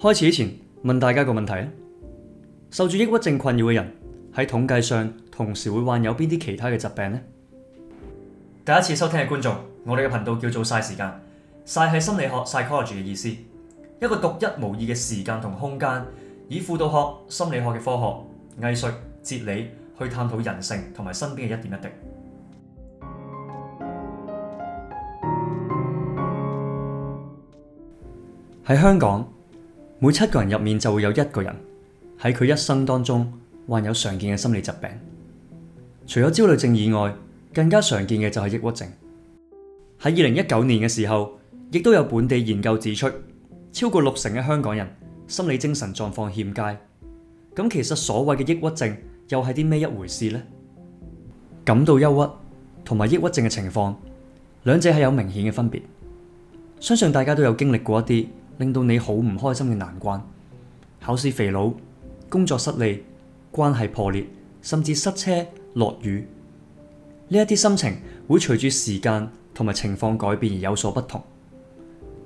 開始以前問，大家個問題，受住抑鬱症困擾嘅人喺統計上同時會患有邊啲其他嘅疾病呢？第一次收聽嘅觀眾，我哋嘅頻道叫做 PSY 時間，PSY 係心理學 psychology 嘅意思，一個獨一無二嘅時間同空間，以輔導學、心理學嘅科學、藝術、哲理去探討人性同埋身邊嘅一點一滴。喺香港。每七個人入面就會有一個人喺佢一生當中患有常見嘅心理疾病，除咗焦慮症以外，更加常見嘅就係抑鬱症。喺二零一九年嘅時候，亦都有本地研究指出，超過六成嘅香港人心理精神狀況欠佳。咁其實所謂嘅抑鬱症又係啲咩一回事呢？感到憂鬱同埋抑鬱症嘅情況，兩者係有明顯嘅分別。相信大家都有經歷過一啲，令到你好唔開心嘅難關，考試肥佬、工作失利、關係破裂，甚至塞車、落雨，呢一啲心情會隨住時間同埋情況改變而有所不同。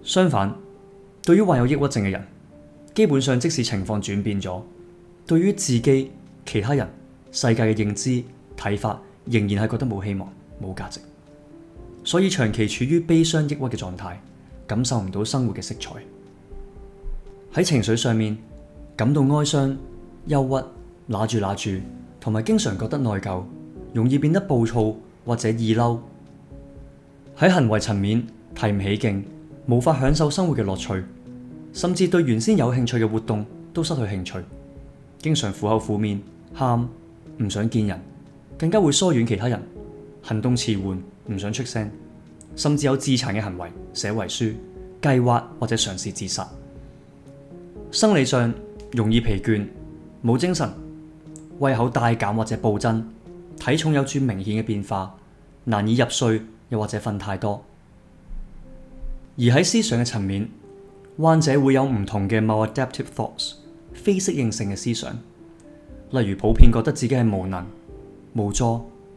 相反，對於患有抑鬱症嘅人，基本上即使情況轉變咗，對於自己、其他人、世界嘅認知睇法，仍然係覺得冇希望、冇價值。所以長期處於悲傷抑鬱嘅狀態，感受唔到生活嘅色彩。喺情緒上面感到哀傷、憂鬱，攔住攔住，同埋經常覺得內疚，容易變得暴躁或者易嬲。喺行為層面提唔起勁，無法享受生活嘅樂趣，甚至對原先有興趣嘅活動都失去興趣。經常苦口苦面，喊唔想見人，更加會疏遠其他人。行動遲緩，唔想出聲，甚至有自殘嘅行為，寫遺書、計劃或者嘗試自殺。生理上容易疲倦、冇精神、胃口大減或者暴增、體重有住明顯嘅變化，難以入睡又或者瞓太多。而喺思想嘅層面，患者會有唔同嘅 maladaptive thoughts 非適應性嘅思想，例如普遍覺得自己係無能、無助、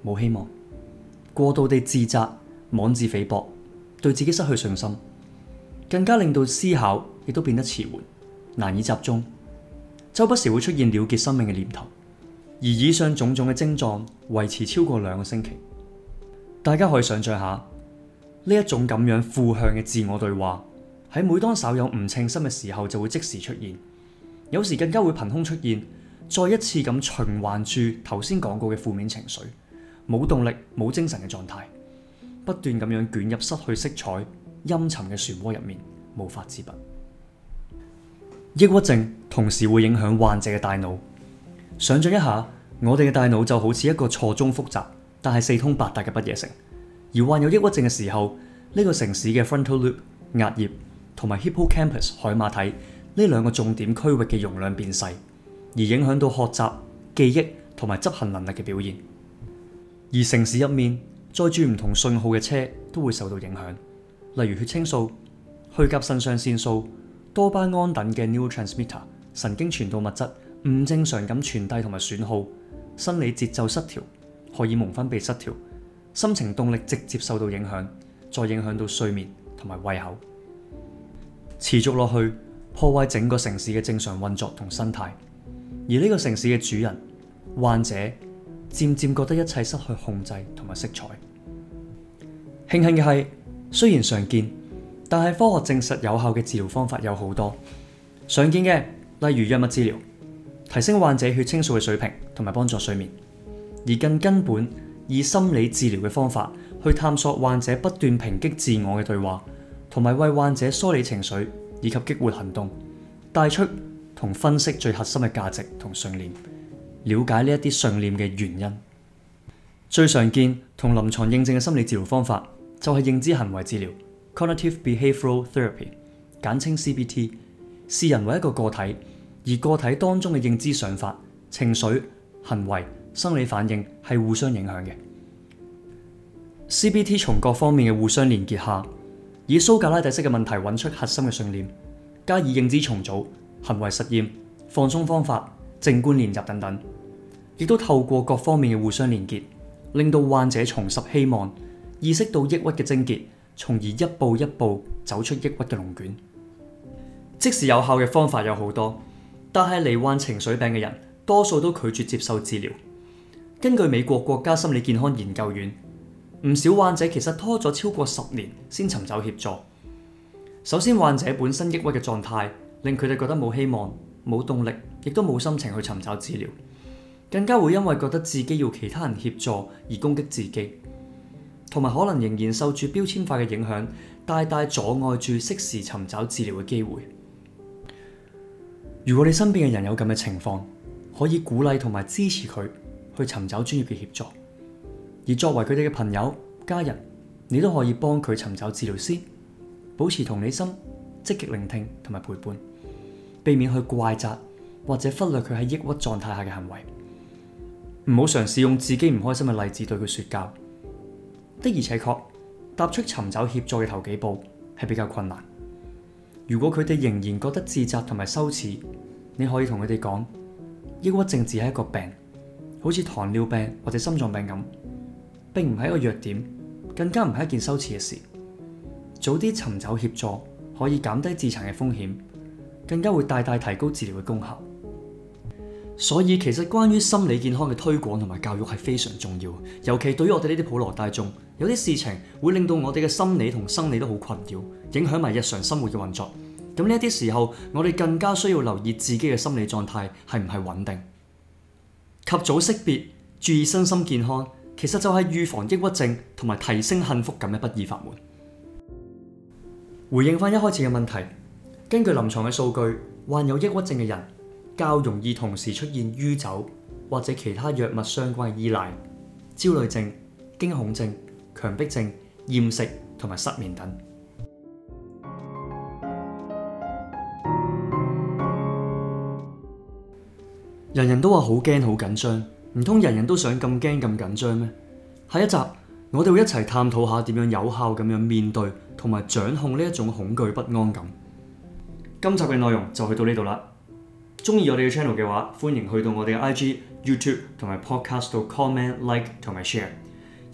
冇希望，過度地自責、妄自菲薄，對自己失去信心，更加令到思考亦都變得遲緩，難以集中，周不時會出現了結生命嘅念頭，而以上種種嘅症狀維持超過兩個星期。大家可以想象下，呢一種咁樣負向嘅自我對話，喺每當稍有唔稱心嘅時候就會即時出現，有時更加會憑空出現，再一次咁循環住頭先講過嘅負面情緒，冇動力、冇精神嘅狀態，不斷咁樣捲入失去色彩、陰沉嘅漩渦入面，無法自拔。抑鬱症同時會影響患者嘅大腦。想象一下，我哋嘅大腦就好似一個錯綜複雜但係四通八達嘅不夜城。而患有抑鬱症嘅時候，呢、這個城市嘅 frontal lobe 額葉同埋 hippocampus 海馬體呢兩個重點區域嘅容量變細，而影響到學習、記憶同埋執行能力嘅表現。而城市入面載住唔同信號嘅車都會受到影響，例如血清素、去甲腎上腺素。多巴胺等嘅 neurotransmitter 神經傳導物質唔正常咁傳遞同埋損耗，生理節奏失調，荷爾蒙分泌失調，心情動力直接受到影響，再影響到睡眠同埋胃口，持續落去，破壞整個城市嘅正常運作同生態，而呢個城市嘅主人患者，漸漸覺得一切失去控制同埋色彩。慶幸嘅係，雖然常見。但係科學證實有效嘅治療方法有好多，常見嘅例如藥物治療，提升患者血清素嘅水平，同埋幫助睡眠；而更根本以心理治療嘅方法去探索患者不斷抨擊自我嘅對話，同埋為患者梳理情緒以及激活行動，帶出同分析最核心嘅價值同信念，了解呢一啲信念嘅原因。最常見同臨床認證嘅心理治療方法就係認知行為治療。Cognitive Behavioral Therapy 簡稱 CBT，視人為一個個體，而個體當中嘅認知想法、情緒、行為、生理反應係互相影響嘅。CBT 從各方面嘅互相連結下，以蘇格拉底式嘅問題揾出核心嘅信念，加以認知重組、行為實驗、放鬆方法、靜觀練習等等，亦都透過各方面嘅互相連結，令到患者重拾希望，意識到抑鬱嘅症結。從而一步一步走出抑鬱嘅龍捲。即使有效嘅方法有好多，但係罹患情緒病嘅人多數都拒絕接受治療。根據美國國家心理健康研究院，唔少患者其實拖咗超過十年先尋找協助。首先，患者本身抑鬱嘅狀態令佢哋覺得冇希望、冇動力，亦都冇心情去尋找治療，更加會因為覺得自己要其他人協助而攻擊自己。同埋可能仍然受住標籤化嘅影響，大大阻礙住適時尋找治療嘅機會。如果你身邊嘅人有咁嘅情況，可以鼓勵同埋支持佢去尋找專業嘅協助。而作為佢哋嘅朋友、家人，你都可以幫佢尋找治療師，保持同理心，積極聆聽同埋陪伴，避免去怪責或者忽略佢喺抑鬱狀態下嘅行為。唔好嘗試用自己唔開心嘅例子對佢說教。的而且確踏出尋找協助嘅頭幾步係比較困難。如果佢哋仍然覺得自責同埋羞恥，你可以同佢哋講：抑鬱症只係一個病，好似糖尿病或者心臟病咁，並唔係一個弱點，更加唔係一件羞恥嘅事。早啲尋找協助可以減低自殘嘅風險，更加會大大提高治療嘅功效。所以其實關於心理健康嘅推廣同埋教育係非常重要，尤其對於我哋呢啲普羅大眾，有啲事情會令到我哋嘅心理同生理都好困擾，影響埋日常生活嘅運作。咁呢啲時候，我哋更加需要留意自己嘅心理狀態係唔係穩定，及早識別，注意身心健康，其實就係預防抑鬱症同埋提升幸福感嘅不二法門。回應翻一開始嘅問題，根據臨床嘅數據，患有抑鬱症嘅人。較容易同時出現酗酒或者其他藥物相關依賴、焦慮症、驚恐症、強迫症、厭食同埋失眠等。人人都話好驚好緊張，唔通人人都想咁驚咁緊張咩？下一集，我哋會一齊探討下點樣有效咁樣面對同埋掌控呢一種恐懼不安感。今集嘅內容就去到呢度啦。中意我哋嘅 channel 嘅話，歡迎去到我哋嘅 IG、YouTube 同埋 Podcast 度 comment、like 同埋 share。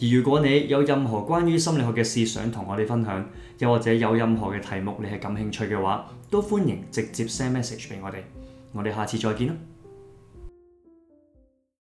而如果你有任何關於心理學嘅事想同我哋分享，又或者有任何嘅題目你係感興趣嘅話，都歡迎直接 send message 俾我哋。我哋下次再見啦！